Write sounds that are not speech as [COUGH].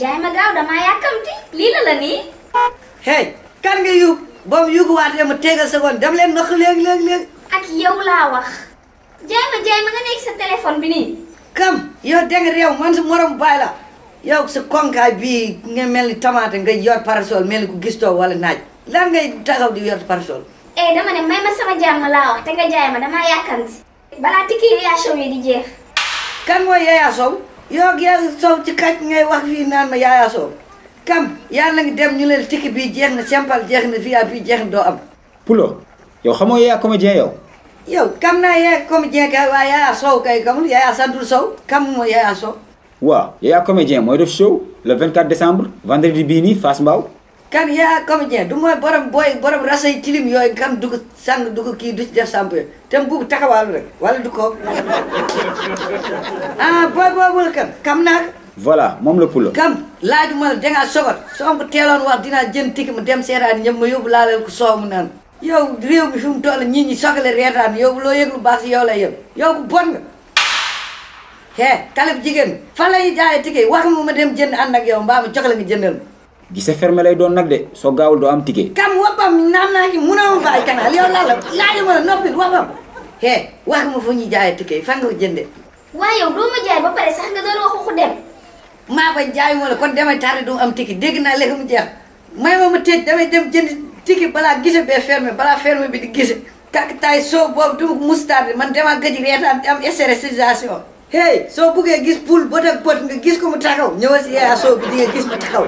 jaay ma gaaw damaa yàkkamti lii la la nii. hey kan nga yuug boobu yuuguwaatee ma tegal seconde dem leen ndox léegi léegi léegi. ak yow laa wax. jaay ma jaay ma nga nekk sa téléphone bi nii. kam yow dégg nga réew man sa morom baay la yow sa konkaay bii nga mel ni tamaate nga yor parasol mel ni ku gistoo wala naaj lan ngay taxaw di yor parasol. eh dama ne may ma sama jàmm laa wax te nga jaay ma damaa yàkkamti balaa tikki réaction yi di jeex. kan mooy Yaya yoog yaa soow ci kaj ngay wax fii naan ma yaayaa soow kam yàlla ngi dem ñu leen tikki bii jeex na simple jeex na via bii jeex na doo am Poulo yow xamoo yaayaa comédien yow yow kam naa yaayaa comédien kay waaye yaayaa soow kay kamul yaayaa santul soow kam mooy yaayaa soow waaw yaayaa comédien mooy def show le 24 décembre vendredi bii nii Fass Mbao kam kan iya, yaa comédien du moy borom boy borom rasa tilim yoy kam dugg sang dugg ki du ci def samp tam bu mu rek wala du ko [LAUGHS] ah boy boobul kam kam nak voilà mom le pula kam laajuma la dangaa sobar soo ko telon wax dina jeun tikki mu dem seetaan ñam ma yóbbu laaleel ko soom nan yow rew mi fum tole ñi ñi sogale retan yow lo yeglu lu yow la yow ku bon he talib jigéen kan. lay jaayee wax mu ma dem jeun yow mbaa ma nga gise fermé lay doon nag de so gaawul doo am ticket. kam woppam naam naa ci munoo bàyyi canal yow laa la laaj ma noppi woppam. he wax ma fu ñuy jaayee ticket yi fan nga ko jëndee. waaye yow doo ma jaay ba pare sax nga doon wax waxu dem. maa ba jaay ma kon damay tardé du am ticket dégg naa léegi mu jeex may ma ma tëj damay dem jënd ticket balaa gise bee fermé balaa fermé bi di gise. kàq taay soo boobu du man damaa gëj reetaan am stérilisation. hey soo buggee gis poul bët ak bët nga gis ko mu taxaw ñëwal si Yaya Sow bi di nga gis ma taxaw